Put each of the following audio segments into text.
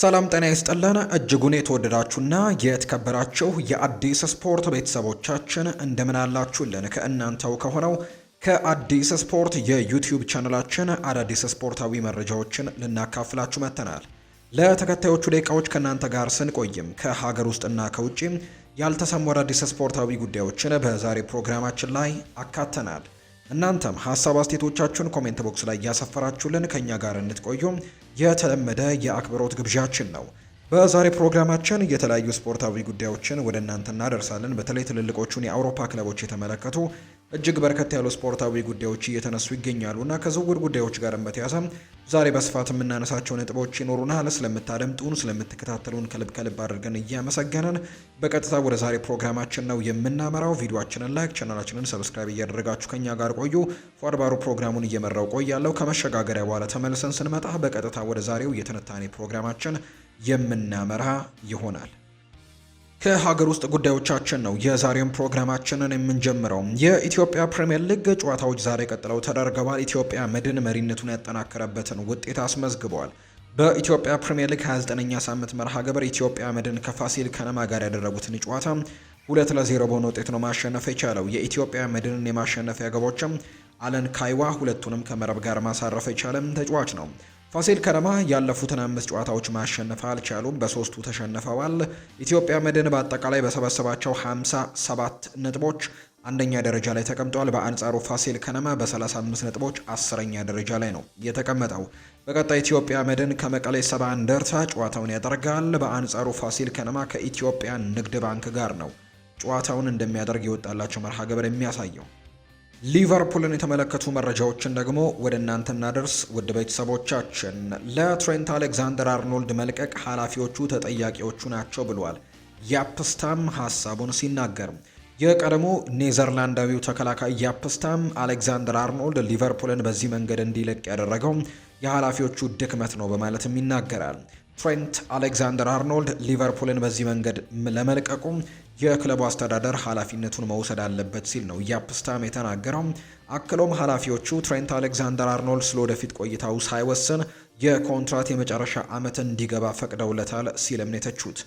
ሰላም ጤና ይስጥልን እጅጉን የተወደዳችሁና የተከበራችሁ የአዲስ ስፖርት ቤተሰቦቻችን እንደምን አላችሁልን? ከእናንተው ከሆነው ከአዲስ ስፖርት የዩቲዩብ ቻነላችን አዳዲስ ስፖርታዊ መረጃዎችን ልናካፍላችሁ መጥተናል። ለተከታዮቹ ደቂቃዎች ከእናንተ ጋር ስንቆይም ከሀገር ውስጥና ከውጭ ያልተሰሙ አዳዲስ ስፖርታዊ ጉዳዮችን በዛሬ ፕሮግራማችን ላይ አካተናል። እናንተም ሀሳብ አስቴቶቻችሁን ኮሜንት ቦክስ ላይ እያሰፈራችሁልን ከእኛ ጋር እንድትቆዩ የተለመደ የአክብሮት ግብዣችን ነው። በዛሬ ፕሮግራማችን የተለያዩ ስፖርታዊ ጉዳዮችን ወደ እናንተ እናደርሳለን። በተለይ ትልልቆቹን የአውሮፓ ክለቦች የተመለከቱ እጅግ በርከት ያሉ ስፖርታዊ ጉዳዮች እየተነሱ ይገኛሉ እና ከዝውውር ጉዳዮች ጋር በተያያዘ ዛሬ በስፋት የምናነሳቸው ነጥቦች ይኖሩናል። ስለምታደምጡን፣ ስለምትከታተሉን ከልብ ከልብ አድርገን እያመሰገንን በቀጥታ ወደ ዛሬ ፕሮግራማችን ነው የምናመራው። ቪዲዮችንን ላይክ፣ ቻናላችንን ሰብስክራይብ እያደረጋችሁ ከኛ ጋር ቆዩ። ፏድባሩ ፕሮግራሙን እየመራው ቆያለሁ። ከመሸጋገሪያ በኋላ ተመልሰን ስንመጣ በቀጥታ ወደ ዛሬው የትንታኔ ፕሮግራማችን የምናመራ ይሆናል። ከሀገር ውስጥ ጉዳዮቻችን ነው የዛሬውን ፕሮግራማችንን የምንጀምረው። የኢትዮጵያ ፕሪምየር ሊግ ጨዋታዎች ዛሬ ቀጥለው ተደርገዋል። ኢትዮጵያ መድን መሪነቱን ያጠናከረበትን ውጤት አስመዝግቧል። በኢትዮጵያ ፕሪምየር ሊግ 29ኛ ሳምንት መርሃ ግብር ኢትዮጵያ መድን ከፋሲል ከነማ ጋር ያደረጉትን ጨዋታ ሁለት ለዜሮ በሆነ ውጤት ነው ማሸነፍ የቻለው። የኢትዮጵያ መድንን የማሸነፊያ ግቦችም አለን ካይዋ ሁለቱንም ከመረብ ጋር ማሳረፍ የቻለም ተጫዋች ነው። ፋሲል ከነማ ያለፉትን አምስት ጨዋታዎች ማሸነፍ አልቻሉም፣ በሶስቱ ተሸንፈዋል። ኢትዮጵያ መድን በአጠቃላይ በሰበሰባቸው 57 ነጥቦች አንደኛ ደረጃ ላይ ተቀምጧል። በአንጻሩ ፋሲል ከነማ በ35 ነጥቦች አስረኛ ደረጃ ላይ ነው የተቀመጠው። በቀጣይ ኢትዮጵያ መድን ከመቀሌ ሰባ እንደርታ ጨዋታውን ያደርጋል። በአንጻሩ ፋሲል ከነማ ከኢትዮጵያ ንግድ ባንክ ጋር ነው ጨዋታውን እንደሚያደርግ የወጣላቸው መርሃ ግብር የሚያሳየው። ሊቨርፑልን የተመለከቱ መረጃዎችን ደግሞ ወደ እናንተ እናደርስ። ውድ ቤተሰቦቻችን ለትሬንት አሌክዛንደር አርኖልድ መልቀቅ ኃላፊዎቹ ተጠያቂዎቹ ናቸው ብሏል ያፕስታም ሀሳቡን ሲናገር። የቀድሞ ኔዘርላንዳዊው ተከላካይ ያፕስታም አሌክዛንደር አርኖልድ ሊቨርፑልን በዚህ መንገድ እንዲለቅ ያደረገው የኃላፊዎቹ ድክመት ነው በማለትም ይናገራል። ትሬንት አሌክዛንደር አርኖልድ ሊቨርፑልን በዚህ መንገድ ለመልቀቁም የክለቡ አስተዳደር ኃላፊነቱን መውሰድ አለበት ሲል ነው ያፕስታም የተናገረው። አክሎም ኃላፊዎቹ ትሬንት አሌክዛንደር አርኖልድ ስለወደፊት ቆይታው ሳይወስን የኮንትራት የመጨረሻ ዓመት እንዲገባ ፈቅደውለታል ሲልም ነው የተቹት።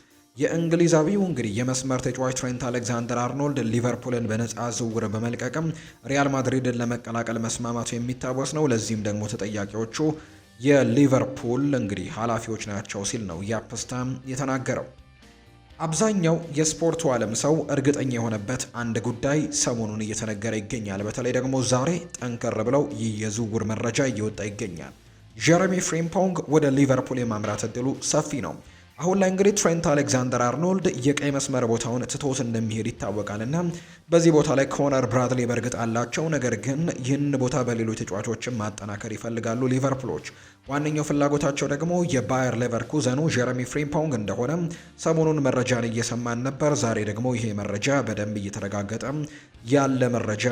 የእንግሊዛዊው እንግዲህ የመስመር ተጫዋች ትሬንት አሌክዛንደር አርኖልድ ሊቨርፑልን በነፃ ዝውውር በመልቀቅም ሪያል ማድሪድን ለመቀላቀል መስማማቱ የሚታወስ ነው። ለዚህም ደግሞ ተጠያቂዎቹ የሊቨርፑል እንግዲህ ኃላፊዎች ናቸው ሲል ነው ያፕስታም የተናገረው። አብዛኛው የስፖርቱ ዓለም ሰው እርግጠኛ የሆነበት አንድ ጉዳይ ሰሞኑን እየተነገረ ይገኛል። በተለይ ደግሞ ዛሬ ጠንከር ብለው ይህ የዝውውር መረጃ እየወጣ ይገኛል። ጀረሚ ፍሪምፖንግ ወደ ሊቨርፑል የማምራት እድሉ ሰፊ ነው። አሁን ላይ እንግዲህ ትሬንት አሌክዛንደር አርኖልድ የቀይ መስመር ቦታውን ትቶት እንደሚሄድ ይታወቃል እና በዚህ ቦታ ላይ ኮነር ብራድሌ በእርግጥ አላቸው፣ ነገር ግን ይህን ቦታ በሌሎች ተጫዋቾችን ማጠናከር ይፈልጋሉ ሊቨርፑሎች። ዋነኛው ፍላጎታቸው ደግሞ የባየር ሌቨርኩዘኑ ጀረሚ ፍሪምፖንግ እንደሆነ ሰሞኑን መረጃን እየሰማን ነበር። ዛሬ ደግሞ ይሄ መረጃ በደንብ እየተረጋገጠ ያለ መረጃ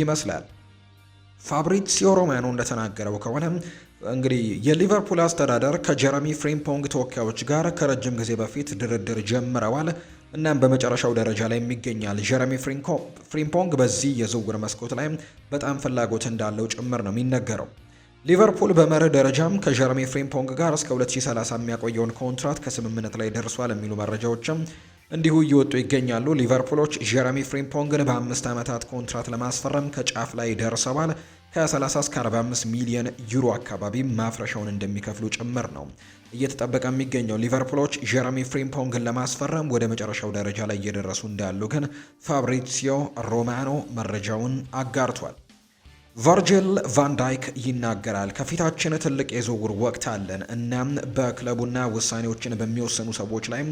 ይመስላል። ፋብሪዚዮ ሮማኖ እንደተናገረው ከሆነ እንግዲህ የሊቨርፑል አስተዳደር ከጀረሚ ፍሪምፖንግ ተወካዮች ጋር ከረጅም ጊዜ በፊት ድርድር ጀምረዋል። እናም በመጨረሻው ደረጃ ላይ ይገኛል። ጀረሚ ፍሪምፖንግ በዚህ የዝውውር መስኮት ላይ በጣም ፍላጎት እንዳለው ጭምር ነው የሚነገረው። ሊቨርፑል በመርህ ደረጃም ከጀረሚ ፍሪምፖንግ ጋር እስከ 2030 የሚያቆየውን ኮንትራት ከስምምነት ላይ ደርሷል የሚሉ መረጃዎችም እንዲሁ እየወጡ ይገኛሉ። ሊቨርፑሎች ጀረሚ ፍሪምፖንግን በአምስት ዓመታት ኮንትራት ለማስፈረም ከጫፍ ላይ ደርሰዋል። ከ30 እስከ 45 ሚሊዮን ዩሮ አካባቢ ማፍረሻውን እንደሚከፍሉ ጭምር ነው እየተጠበቀ የሚገኘው። ሊቨርፑሎች ጀረሚ ፍሪምፖንግን ለማስፈረም ወደ መጨረሻው ደረጃ ላይ እየደረሱ እንዳሉ ግን ፋብሪሲዮ ሮማኖ መረጃውን አጋርቷል። ቨርጅል ቫንዳይክ ይናገራል። ከፊታችን ትልቅ የዝውውር ወቅት አለን። እናም በክለቡና ውሳኔዎችን በሚወሰኑ ሰዎች ላይ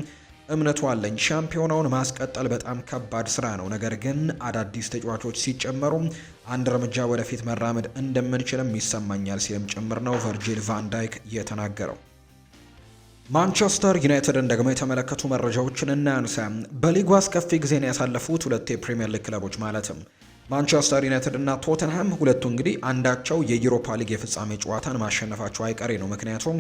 እምነቱ አለኝ። ሻምፒዮናውን ማስቀጠል በጣም ከባድ ስራ ነው፣ ነገር ግን አዳዲስ ተጫዋቾች ሲጨመሩ አንድ እርምጃ ወደፊት መራመድ እንደምንችልም ይሰማኛል ሲልም ጭምር ነው ቨርጂል ቫንዳይክ የተናገረው። ማንቸስተር ዩናይትድን ደግሞ የተመለከቱ መረጃዎችን እናንሳ። በሊጉ አስከፊ ጊዜን ያሳለፉት ሁለት የፕሪምየር ሊግ ክለቦች ማለትም ማንቸስተር ዩናይትድ እና ቶተንሃም ሁለቱ እንግዲህ አንዳቸው የዩሮፓ ሊግ የፍጻሜ ጨዋታን ማሸነፋቸው አይቀሬ ነው። ምክንያቱም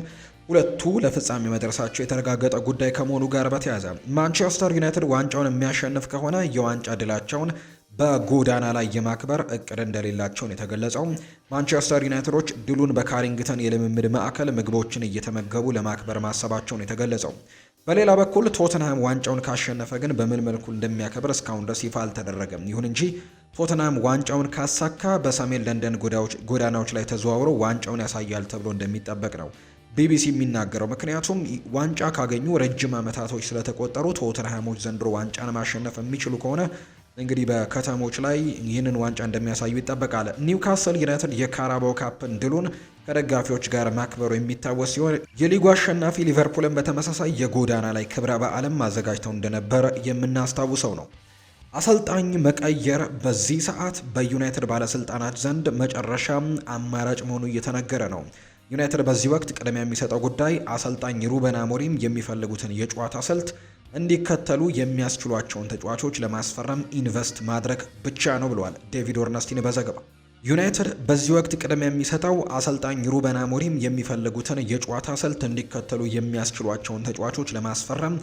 ሁለቱ ለፍጻሜ መድረሳቸው የተረጋገጠ ጉዳይ ከመሆኑ ጋር በተያያዘ ማንቸስተር ዩናይትድ ዋንጫውን የሚያሸንፍ ከሆነ የዋንጫ ድላቸውን በጎዳና ላይ የማክበር እቅድ እንደሌላቸውን የተገለጸው ማንቸስተር ዩናይትዶች ድሉን በካሪንግተን የልምምድ ማዕከል ምግቦችን እየተመገቡ ለማክበር ማሰባቸውን የተገለጸው። በሌላ በኩል ቶተንሃም ዋንጫውን ካሸነፈ ግን በምን መልኩ እንደሚያከብር እስካሁን ድረስ ይፋ አልተደረገም። ይሁን እንጂ ቶተንሃም ዋንጫውን ካሳካ በሰሜን ለንደን ጎዳናዎች ላይ ተዘዋውሮ ዋንጫውን ያሳያል ተብሎ እንደሚጠበቅ ነው ቢቢሲ የሚናገረው። ምክንያቱም ዋንጫ ካገኙ ረጅም ዓመታቶች ስለተቆጠሩ ቶተንሃሞች ዘንድሮ ዋንጫን ማሸነፍ የሚችሉ ከሆነ እንግዲህ በከተሞች ላይ ይህንን ዋንጫ እንደሚያሳዩ ይጠበቃል። ኒውካስል ዩናይትድ የካራባው ካፕን ድሉን ከደጋፊዎች ጋር ማክበሩ የሚታወስ ሲሆን የሊጉ አሸናፊ ሊቨርፑልን በተመሳሳይ የጎዳና ላይ ክብረ በዓልም አዘጋጅተው እንደነበር የምናስታውሰው ነው። አሰልጣኝ መቀየር በዚህ ሰዓት በዩናይትድ ባለስልጣናት ዘንድ መጨረሻ አማራጭ መሆኑ እየተነገረ ነው። ዩናይትድ በዚህ ወቅት ቅድሚያ የሚሰጠው ጉዳይ አሰልጣኝ ሩበን አሞሪም የሚፈልጉትን የጨዋታ ስልት እንዲከተሉ የሚያስችሏቸውን ተጫዋቾች ለማስፈረም ኢንቨስት ማድረግ ብቻ ነው ብለዋል ዴቪድ ኦርነስቲን በዘገባ። ዩናይትድ በዚህ ወቅት ቅድሚያ የሚሰጠው አሰልጣኝ ሩበን አሞሪም የሚፈልጉትን የጨዋታ ስልት እንዲከተሉ የሚያስችሏቸውን ተጫዋቾች ለማስፈረም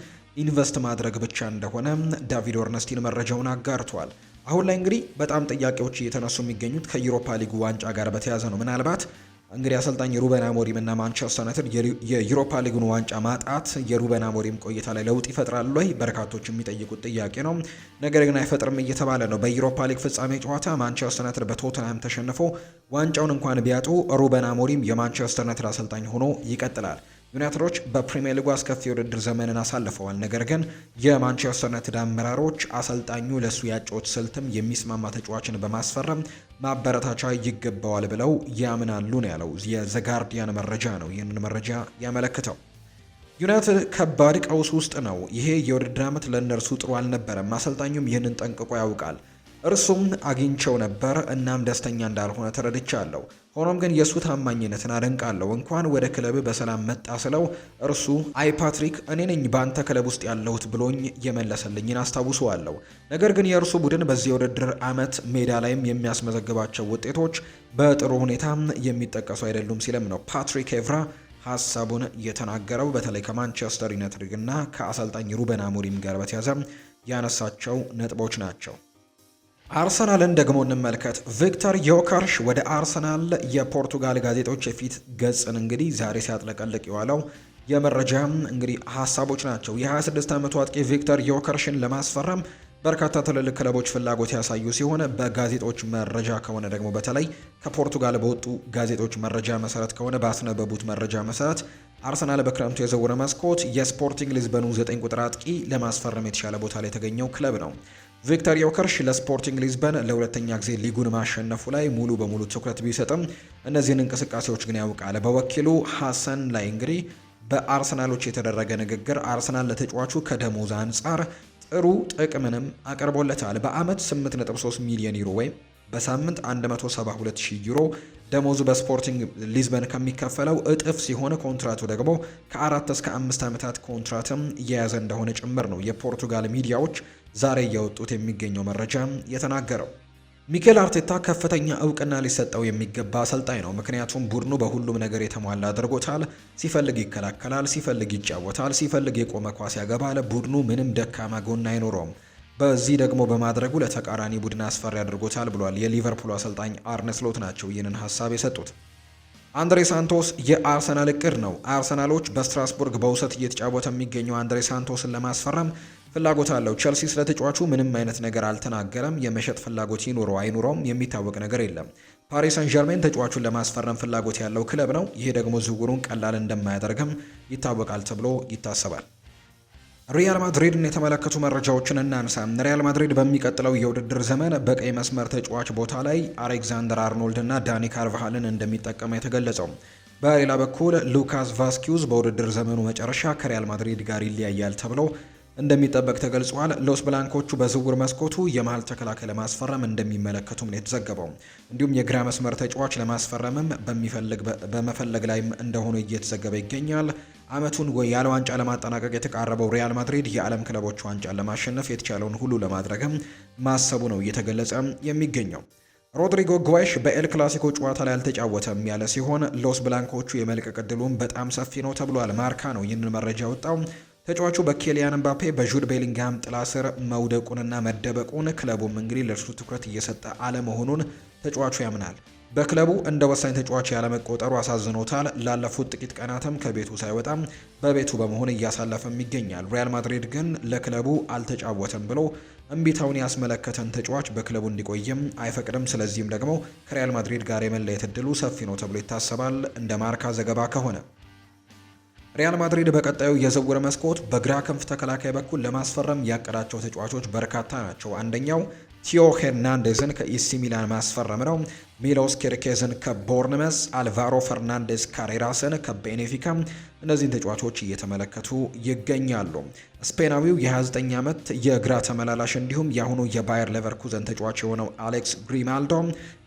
ኢንቨስት ማድረግ ብቻ እንደሆነ ዳቪድ ኦርነስቲን መረጃውን አጋርቷል። አሁን ላይ እንግዲህ በጣም ጥያቄዎች እየተነሱ የሚገኙት ከዩሮፓ ሊጉ ዋንጫ ጋር በተያያዘ ነው። ምናልባት እንግዲህ አሰልጣኝ ሩበን አሞሪም እና ማንቸስተር ዩናይትድ የዩሮፓ ሊግን ዋንጫ ማጣት የሩበን አሞሪም ቆይታ ላይ ለውጥ ይፈጥራል ወይ? በርካቶች የሚጠይቁት ጥያቄ ነው። ነገር ግን አይፈጥርም እየተባለ ነው። በዩሮፓ ሊግ ፍጻሜ ጨዋታ ማንቸስተር ዩናይትድ በቶትንሃም ተሸንፎ ዋንጫውን እንኳን ቢያጡ ሩበን አሞሪም የማንቸስተር ዩናይትድ አሰልጣኝ ሆኖ ይቀጥላል። ዩናይትዶች በፕሪሚየር ሊጉ አስከፊ የውድድር ዘመንን አሳልፈዋል። ነገር ግን የማንቸስተር ዩናይትድ አመራሮች አሰልጣኙ ለእሱ ያጮት ስልትም የሚስማማ ተጫዋችን በማስፈረም ማበረታቻ ይገባዋል ብለው ያምናሉ ነው ያለው የዘጋርዲያን መረጃ ነው ይህንን መረጃ ያመለክተው። ዩናይትድ ከባድ ቀውስ ውስጥ ነው። ይሄ የውድድር ዓመት ለእነርሱ ጥሩ አልነበረም። አሰልጣኙም ይህንን ጠንቅቆ ያውቃል። እርሱም አግኝቸው ነበር እናም ደስተኛ እንዳልሆነ ተረድቻለሁ። ሆኖም ግን የእሱ ታማኝነትን አደንቃለሁ። እንኳን ወደ ክለብ በሰላም መጣ ስለው እርሱ አይ ፓትሪክ፣ እኔ ነኝ በአንተ ክለብ ውስጥ ያለሁት ብሎኝ የመለሰልኝን አስታውሰዋለሁ። ነገር ግን የእርሱ ቡድን በዚህ የውድድር ዓመት ሜዳ ላይም የሚያስመዘግባቸው ውጤቶች በጥሩ ሁኔታ የሚጠቀሱ አይደሉም ሲለም ነው ፓትሪክ ኤቭራ ሀሳቡን የተናገረው። በተለይ ከማንቸስተር ዩናይትድና ከአሰልጣኝ ሩበን አሞሪም ጋር በተያዘ ያነሳቸው ነጥቦች ናቸው። አርሰናልን ደግሞ እንመልከት። ቪክተር ዮከርሽ ወደ አርሰናል የፖርቱጋል ጋዜጦች የፊት ገጽን እንግዲህ ዛሬ ሲያጥለቀልቅ የዋለው የመረጃ እንግዲህ ሀሳቦች ናቸው። የ26 ዓመቱ አጥቂ ቪክተር ዮከርሽን ለማስፈረም በርካታ ትልልቅ ክለቦች ፍላጎት ያሳዩ ሲሆን በጋዜጦች መረጃ ከሆነ ደግሞ በተለይ ከፖርቱጋል በወጡ ጋዜጦች መረጃ መሰረት ከሆነ ባስነበቡት መረጃ መሰረት አርሰናል በክረምቱ የዝውውር መስኮት የስፖርቲንግ ሊዝበኑ 9 ቁጥር አጥቂ ለማስፈረም የተሻለ ቦታ ላይ የተገኘው ክለብ ነው። ቪክተር ዮከርሽ ለስፖርቲንግ ሊዝበን ለሁለተኛ ጊዜ ሊጉን ማሸነፉ ላይ ሙሉ በሙሉ ትኩረት ቢሰጥም እነዚህን እንቅስቃሴዎች ግን ያውቃል። በወኪሉ ሀሰን ላይ እንግዲህ በአርሰናሎች የተደረገ ንግግር አርሰናል ለተጫዋቹ ከደሞዝ አንጻር ጥሩ ጥቅምንም አቅርቦለታል። በአመት 8.3 ሚሊዮን ዩሮ ወይም በሳምንት 172000 ዩሮ ደሞዙ በስፖርቲንግ ሊዝበን ከሚከፈለው እጥፍ ሲሆን ኮንትራቱ ደግሞ ከአራት እስከ አምስት ዓመታት ኮንትራትም እየያዘ እንደሆነ ጭምር ነው የፖርቱጋል ሚዲያዎች ዛሬ እያወጡት የሚገኘው መረጃ የተናገረው። ሚኬል አርቴታ ከፍተኛ እውቅና ሊሰጠው የሚገባ አሰልጣኝ ነው። ምክንያቱም ቡድኑ በሁሉም ነገር የተሟላ አድርጎታል። ሲፈልግ ይከላከላል፣ ሲፈልግ ይጫወታል፣ ሲፈልግ የቆመ ኳስ ያገባል። ቡድኑ ምንም ደካማ ጎን አይኖረውም። በዚህ ደግሞ በማድረጉ ለተቃራኒ ቡድን አስፈሪ አድርጎታል ብሏል። የሊቨርፑል አሰልጣኝ አርነ ስሎት ናቸው ይህንን ሀሳብ የሰጡት። አንድሬ ሳንቶስ የአርሰናል እቅድ ነው። አርሰናሎች በስትራስቡርግ በውሰት እየተጫወተ የሚገኘው አንድሬ ሳንቶስን ለማስፈረም ፍላጎት አለው። ቸልሲ ስለ ተጫዋቹ ምንም አይነት ነገር አልተናገረም። የመሸጥ ፍላጎት ይኑረው አይኑረውም የሚታወቅ ነገር የለም። ፓሪስ ሰን ዠርሜን ተጫዋቹን ለማስፈረም ፍላጎት ያለው ክለብ ነው። ይሄ ደግሞ ዝውውሩን ቀላል እንደማያደርግም ይታወቃል ተብሎ ይታሰባል። ሪያል ማድሪድን የተመለከቱ መረጃዎችን እናንሳ። ሪያል ማድሪድ በሚቀጥለው የውድድር ዘመን በቀይ መስመር ተጫዋች ቦታ ላይ አሌክዛንደር አርኖልድ እና ዳኒ ካርቫሃልን እንደሚጠቀመ የተገለጸው። በሌላ በኩል ሉካስ ቫስኪዩዝ በውድድር ዘመኑ መጨረሻ ከሪያል ማድሪድ ጋር ይለያያል ተብሎ እንደሚጠበቅ ተገልጿል። ሎስ ብላንኮቹ በዝውውር መስኮቱ የመሀል ተከላካይ ለማስፈረም እንደሚመለከቱም ነው የተዘገበው። እንዲሁም የግራ መስመር ተጫዋች ለማስፈረምም በመፈለግ ላይ እንደሆኑ እየተዘገበ ይገኛል። አመቱን ያለ ዋንጫ ለማጠናቀቅ የተቃረበው ሪያል ማድሪድ የዓለም ክለቦች ዋንጫን ለማሸነፍ የተቻለውን ሁሉ ለማድረግም ማሰቡ ነው እየተገለጸ የሚገኘው። ሮድሪጎ ጓይሽ በኤል ክላሲኮ ጨዋታ ላይ አልተጫወተም ያለ ሲሆን ሎስ ብላንኮቹ የመልቀቅ እድሉም በጣም ሰፊ ነው ተብሏል። ማርካ ነው ይህንን መረጃ ወጣው። ተጫዋቹ በኬሊያን ምባፔ በጁድ ቤሊንግሃም ጥላ ስር መውደቁንና መደበቁን ክለቡም እንግዲህ ለእርሱ ትኩረት እየሰጠ አለመሆኑን ተጫዋቹ ያምናል። በክለቡ እንደ ወሳኝ ተጫዋች ያለመቆጠሩ አሳዝኖታል። ላለፉት ጥቂት ቀናትም ከቤቱ ሳይወጣም በቤቱ በመሆን እያሳለፈም ይገኛል። ሪያል ማድሪድ ግን ለክለቡ አልተጫወተም ብሎ እምቢታውን ያስመለከተን ተጫዋች በክለቡ እንዲቆይም አይፈቅድም። ስለዚህም ደግሞ ከሪያል ማድሪድ ጋር የመለየት እድሉ ሰፊ ነው ተብሎ ይታሰባል። እንደ ማርካ ዘገባ ከሆነ ሪያል ማድሪድ በቀጣዩ የዝውውር መስኮት በግራ ክንፍ ተከላካይ በኩል ለማስፈረም ያቀዳቸው ተጫዋቾች በርካታ ናቸው። አንደኛው ቲዮ ሄርናንዴዝን ከኢሲ ሚላን ማስፈረም ነው። ሚሎስ ኬርኬዝን ከቦርንመስ፣ አልቫሮ ፈርናንዴዝ ካሬራስን ከቤኔፊካ እነዚህን ተጫዋቾች እየተመለከቱ ይገኛሉ። ስፔናዊው የ29 ዓመት የግራ ተመላላሽ እንዲሁም የአሁኑ የባየር ሌቨርኩዘን ተጫዋች የሆነው አሌክስ ግሪማልዶ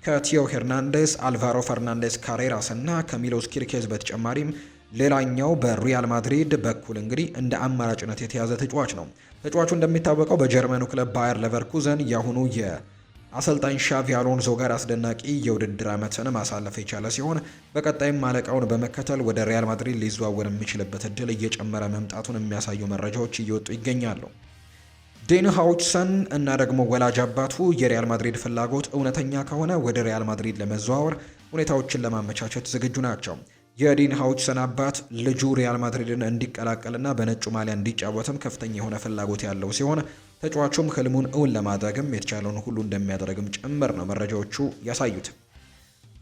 ከቲዮ ሄርናንዴዝ፣ አልቫሮ ፈርናንዴዝ ካሬራስ እና ከሚሎስ ኪርኬዝ በተጨማሪም ሌላኛው በሪያል ማድሪድ በኩል እንግዲህ እንደ አማራጭነት የተያዘ ተጫዋች ነው። ተጫዋቹ እንደሚታወቀው በጀርመኑ ክለብ ባየር ለቨርኩዘን የአሁኑ አሰልጣኝ ሻቪ አሎንሶ ጋር አስደናቂ የውድድር ዓመትን ማሳለፍ የቻለ ሲሆን በቀጣይም ማለቃውን በመከተል ወደ ሪያል ማድሪድ ሊዘዋወር የሚችልበት እድል እየጨመረ መምጣቱን የሚያሳዩ መረጃዎች እየወጡ ይገኛሉ። ዴን ሃውችሰን እና ደግሞ ወላጅ አባቱ የሪያል ማድሪድ ፍላጎት እውነተኛ ከሆነ ወደ ሪያል ማድሪድ ለመዘዋወር ሁኔታዎችን ለማመቻቸት ዝግጁ ናቸው። የዲን ሀውችሰን አባት ልጁ ሪያል ማድሪድን እንዲቀላቀልና በነጩ ማሊያ እንዲጫወትም ከፍተኛ የሆነ ፍላጎት ያለው ሲሆን ተጫዋቹም ህልሙን እውን ለማድረግም የተቻለውን ሁሉ እንደሚያደርግም ጭምር ነው መረጃዎቹ ያሳዩት።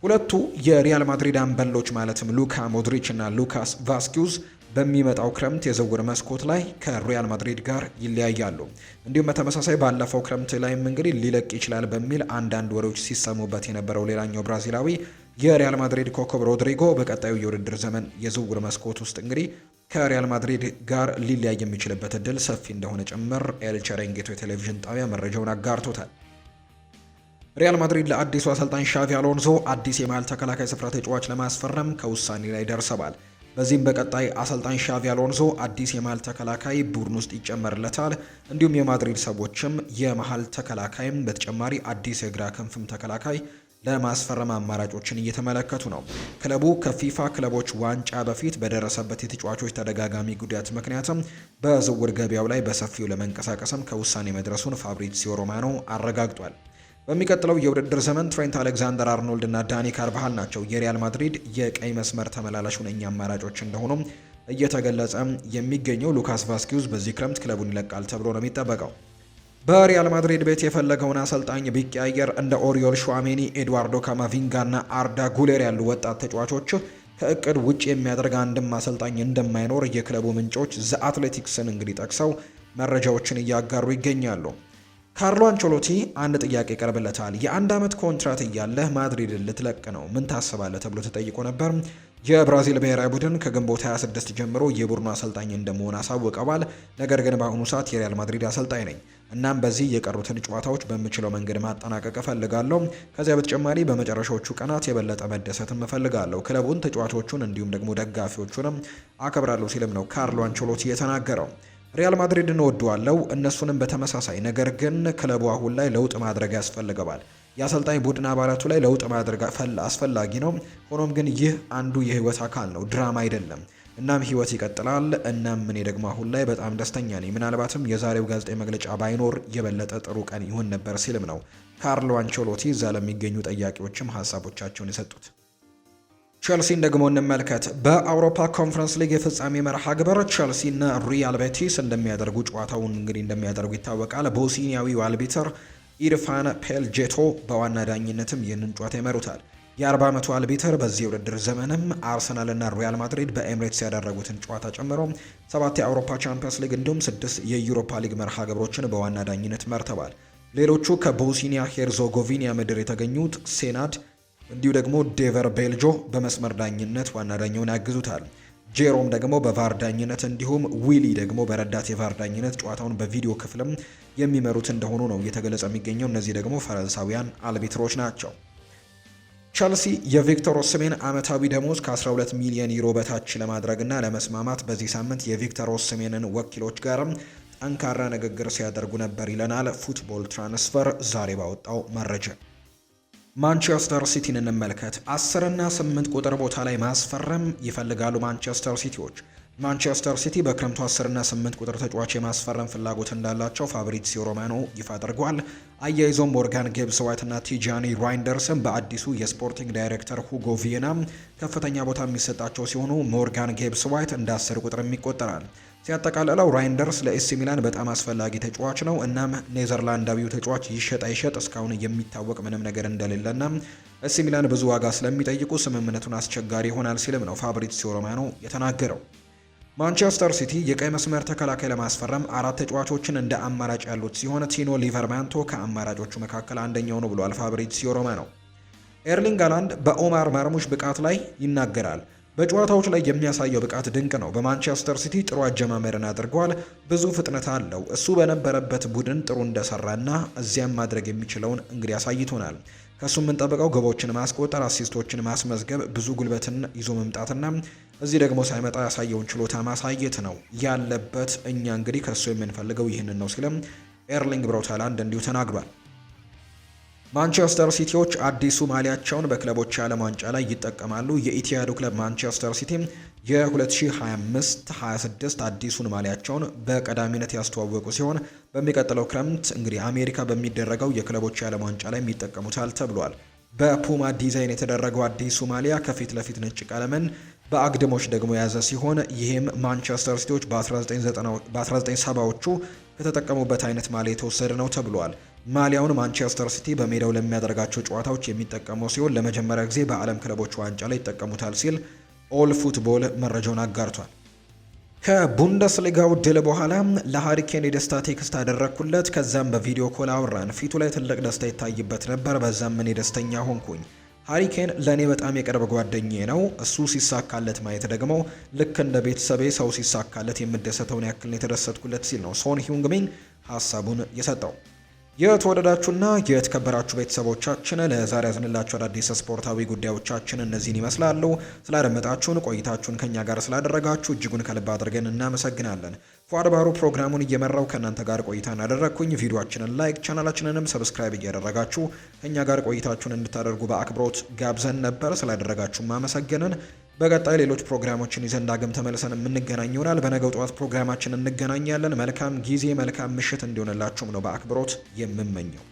ሁለቱ የሪያል ማድሪድ አምበሎች ማለትም ሉካ ሞድሪች እና ሉካስ ቫስኪዩዝ በሚመጣው ክረምት የዝውውር መስኮት ላይ ከሪያል ማድሪድ ጋር ይለያያሉ። እንዲሁም በተመሳሳይ ባለፈው ክረምት ላይም እንግዲህ ሊለቅ ይችላል በሚል አንዳንድ ወሬዎች ሲሰሙበት የነበረው ሌላኛው ብራዚላዊ የሪያል ማድሪድ ኮከብ ሮድሪጎ በቀጣዩ የውድድር ዘመን የዝውውር መስኮት ውስጥ እንግዲህ ከሪያል ማድሪድ ጋር ሊለያይ የሚችልበት እድል ሰፊ እንደሆነ ጭምር ኤልቸሬንጌቶ የቴሌቪዥን ጣቢያ መረጃውን አጋርቶታል። ሪያል ማድሪድ ለአዲሱ አሰልጣኝ ሻቪ አሎንሶ አዲስ የመሃል ተከላካይ ስፍራ ተጫዋች ለማስፈረም ከውሳኔ ላይ ደርሰዋል። በዚህም በቀጣይ አሰልጣኝ ሻቪ አሎንሶ አዲስ የመሃል ተከላካይ ቡድን ውስጥ ይጨመርለታል። እንዲሁም የማድሪድ ሰዎችም የመሃል ተከላካይም በተጨማሪ አዲስ የግራ ክንፍም ተከላካይ ለማስፈረም አማራጮችን እየተመለከቱ ነው። ክለቡ ከፊፋ ክለቦች ዋንጫ በፊት በደረሰበት የተጫዋቾች ተደጋጋሚ ጉዳት ምክንያትም በዝውውር ገበያው ላይ በሰፊው ለመንቀሳቀስም ከውሳኔ መድረሱን ፋብሪዚዮ ሮማኖ አረጋግጧል። በሚቀጥለው የውድድር ዘመን ትሬንት አሌክዛንደር አርኖልድ እና ዳኒ ካርባሃል ናቸው የሪያል ማድሪድ የቀይ መስመር ተመላላሽ ሁነኛ አማራጮች እንደሆኑም እየተገለጸ የሚገኘው። ሉካስ ቫስኪዩዝ በዚህ ክረምት ክለቡን ይለቃል ተብሎ ነው የሚጠበቀው። በሪያል ማድሪድ ቤት የፈለገውን አሰልጣኝ ቢቀያየር እንደ ኦሪዮል ሹዋሜኒ፣ ኤድዋርዶ ና አርዳ ጉሌር ያሉ ወጣት ተጫዋቾች ከእቅድ ውጭ የሚያደርግ አንድም አሰልጣኝ እንደማይኖር የክለቡ ምንጮች ዘ አትሌቲክስን እንግዲህ ጠቅሰው መረጃዎችን እያጋሩ ይገኛሉ። ካርሎ አንቸሎቲ አንድ ጥያቄ ይቀርብለታል። የአንድ ዓመት ኮንትራት እያለህ ማድሪድን ልትለቅ ነው ምን ታስባለህ ተብሎ ተጠይቆ ነበር። የብራዚል ብሔራዊ ቡድን ከግንቦት 26 ጀምሮ የቡድኑ አሰልጣኝ እንደመሆን አሳውቀዋል። ነገር ግን በአሁኑ ሰዓት የሪያል ማድሪድ አሰልጣኝ ነኝ እናም በዚህ የቀሩትን ጨዋታዎች በምችለው መንገድ ማጠናቀቅ እፈልጋለሁ። ከዚያ በተጨማሪ በመጨረሻዎቹ ቀናት የበለጠ መደሰትም እፈልጋለሁ። ክለቡን፣ ተጫዋቾቹን እንዲሁም ደግሞ ደጋፊዎቹንም አከብራለሁ ሲልም ነው ካርሎ አንቸሎቲ የተናገረው። ሪያል ማድሪድ እንወደዋለው እነሱንም በተመሳሳይ ነገር ግን ክለቡ አሁን ላይ ለውጥ ማድረግ ያስፈልገዋል። የአሰልጣኝ ቡድን አባላቱ ላይ ለውጥ ማድረግ አስፈላጊ ነው። ሆኖም ግን ይህ አንዱ የህይወት አካል ነው፣ ድራማ አይደለም። እናም ህይወት ይቀጥላል። እናም እኔ ደግሞ አሁን ላይ በጣም ደስተኛ ነኝ። ምናልባትም የዛሬው ጋዜጣዊ መግለጫ ባይኖር የበለጠ ጥሩ ቀን ይሆን ነበር ሲልም ነው ካርሎ አንቸሎቲ እዛ ለሚገኙ ጠያቂዎችም ሀሳቦቻቸውን የሰጡት። ቸልሲን ደግሞ እንመልከት። በአውሮፓ ኮንፈረንስ ሊግ የፍጻሜ መርሃ ግብር ቸልሲና ሪያል ቤቲስ እንደሚያደርጉ ጨዋታውን እንግዲህ እንደሚያደርጉ ይታወቃል። ቦስኒያዊው አልቢተር ኢርፋን ፔልጄቶ በዋና ዳኝነትም ይህንን ጨዋታ ይመሩታል። የ40 ዓመቱ አልቤተር በዚህ የውድድር ዘመንም አርሰናልና ሪያል ማድሪድ በኤምሬትስ ያደረጉትን ጨዋታ ጨምሮ ሰባት የአውሮፓ ቻምፒየንስ ሊግ እንዲሁም ስድስት የዩሮፓ ሊግ መርሃ ግብሮችን በዋና ዳኝነት መርተዋል። ሌሎቹ ከቦስኒያ ሄርዞጎቪና ምድር የተገኙት ሴናድ እንዲሁ ደግሞ ዴቨር ቤልጆ በመስመር ዳኝነት ዋና ዳኛውን ያግዙታል። ጄሮም ደግሞ በቫር ዳኝነት እንዲሁም ዊሊ ደግሞ በረዳት የቫር ዳኝነት ጨዋታውን በቪዲዮ ክፍልም የሚመሩት እንደሆኑ ነው እየተገለጸ የሚገኘው። እነዚህ ደግሞ ፈረንሳውያን አልቢትሮች ናቸው። ቸልሲ የቪክቶር ኦስሜን አመታዊ ደሞዝ ከ12 ሚሊዮን ዩሮ በታች ለማድረግና ለመስማማት በዚህ ሳምንት የቪክቶር ኦስሜንን ወኪሎች ጋርም ጠንካራ ንግግር ሲያደርጉ ነበር ይለናል ፉትቦል ትራንስፈር ዛሬ ባወጣው መረጃ። ማንቸስተር ሲቲን እንመልከት። አስርና ስምንት ቁጥር ቦታ ላይ ማስፈረም ይፈልጋሉ ማንቸስተር ሲቲዎች ማንቸስተር ሲቲ በክረምቱ 10 እና 8 ቁጥር ተጫዋች የማስፈረም ፍላጎት እንዳላቸው ፋብሪዚዮ ሮማኖ ይፋ አድርጓል። አያይዞም ሞርጋን ጌብስ ዋይት እና ቲጃኒ ራይንደርስም በአዲሱ የስፖርቲንግ ዳይሬክተር ሁጎ ቪየና ከፍተኛ ቦታ የሚሰጣቸው ሲሆኑ ሞርጋን ጌብስ ዋይት እንደ 10 ቁጥርም ይቆጠራል። ሲያጠቃልለው ራይንደርስ ለኤሲ ሚላን በጣም አስፈላጊ ተጫዋች ነው። እናም ኔዘርላንዳዊው ተጫዋች ይሸጥ አይሸጥ እስካሁን የሚታወቅ ምንም ነገር እንደሌለና ኤሲ ሚላን ብዙ ዋጋ ስለሚጠይቁ ስምምነቱን አስቸጋሪ ይሆናል ሲልም ነው ፋብሪዚዮ ሮማኖ የተናገረው። ማንቸስተር ሲቲ የቀይ መስመር ተከላካይ ለማስፈረም አራት ተጫዋቾችን እንደ አማራጭ ያሉት ሲሆን ቲኖ ሊቨርማንቶ ከአማራጮቹ መካከል አንደኛው ነው ብሏል ፋብሪዚዮ ሮማኖ። ኤርሊንግ ሃላንድ በኦማር ማርሙሽ ብቃት ላይ ይናገራል። በጨዋታዎች ላይ የሚያሳየው ብቃት ድንቅ ነው። በማንቸስተር ሲቲ ጥሩ አጀማመርን አድርጓል። ብዙ ፍጥነት አለው። እሱ በነበረበት ቡድን ጥሩ እንደሰራና እዚያም ማድረግ የሚችለውን እንግዲህ አሳይቶናል። ከሱ የምንጠብቀው ግቦችን ማስቆጠር፣ አሲስቶችን ማስመዝገብ፣ ብዙ ጉልበትን ይዞ መምጣትና እዚህ ደግሞ ሳይመጣ ያሳየውን ችሎታ ማሳየት ነው ያለበት። እኛ እንግዲህ ከሱ የምንፈልገው ይህንን ነው ሲልም ኤርሊንግ ብሮታላንድ እንዲሁ ተናግሯል። ማንቸስተር ሲቲዎች አዲሱ ማሊያቸውን በክለቦች የዓለም ዋንጫ ላይ ይጠቀማሉ። የኢቲሃዱ ክለብ ማንቸስተር ሲቲ የ2025-26 አዲሱን ማሊያቸውን በቀዳሚነት ያስተዋወቁ ሲሆን በሚቀጥለው ክረምት እንግዲህ አሜሪካ በሚደረገው የክለቦች የዓለም ዋንጫ ላይ የሚጠቀሙታል ተብሏል። በፑማ ዲዛይን የተደረገው አዲሱ ማሊያ ከፊት ለፊት ነጭ ቀለምን በአግድሞች ደግሞ የያዘ ሲሆን ይህም ማንቸስተር ሲቲዎች በ1970ዎቹ ከተጠቀሙበት አይነት ማሊያ የተወሰደ ነው ተብሏል። ማሊያውን ማንቸስተር ሲቲ በሜዳው ለሚያደርጋቸው ጨዋታዎች የሚጠቀመው ሲሆን ለመጀመሪያ ጊዜ በዓለም ክለቦች ዋንጫ ላይ ይጠቀሙታል ሲል ኦል ፉትቦል መረጃውን አጋርቷል። ከቡንደስሊጋው ድል በኋላ ለሃሪኬን የደስታ ቴክስት አደረግኩለት። ከዛም በቪዲዮ ኮል አወራን። ፊቱ ላይ ትልቅ ደስታ ይታይበት ነበር። በዛም እኔ ደስተኛ ሆንኩኝ። ሃሪኬን ለእኔ በጣም የቅርብ ጓደኜ ነው። እሱ ሲሳካለት ማየት ደግሞ ልክ እንደ ቤተሰቤ ሰው ሲሳካለት የምደሰተውን ያክል የተደሰትኩለት ሲል ነው ሶን ሂዩንግሚን ሀሳቡን የሰጠው። የተወደዳችሁና የተከበራችሁ ቤተሰቦቻችን ለዛሬ ያዝንላችሁ አዳዲስ ስፖርታዊ ጉዳዮቻችን እነዚህን ይመስላሉ። ስላደመጣችሁን ቆይታችሁን ከኛ ጋር ስላደረጋችሁ እጅጉን ከልብ አድርገን እናመሰግናለን። ፏድባሩ ፕሮግራሙን እየመራው ከእናንተ ጋር ቆይታ እናደረግኩኝ። ቪዲዮችንን ላይክ ቻናላችንንም ሰብስክራይብ እያደረጋችሁ ከእኛ ጋር ቆይታችሁን እንድታደርጉ በአክብሮት ጋብዘን ነበር። ስላደረጋችሁም አመሰግንን። በቀጣይ ሌሎች ፕሮግራሞችን ይዘን ዳግም ተመልሰን የምንገናኝ ይሆናል። በነገው ጠዋት ፕሮግራማችን እንገናኛለን። መልካም ጊዜ፣ መልካም ምሽት እንዲሆንላችሁም ነው በአክብሮት የምመኘው።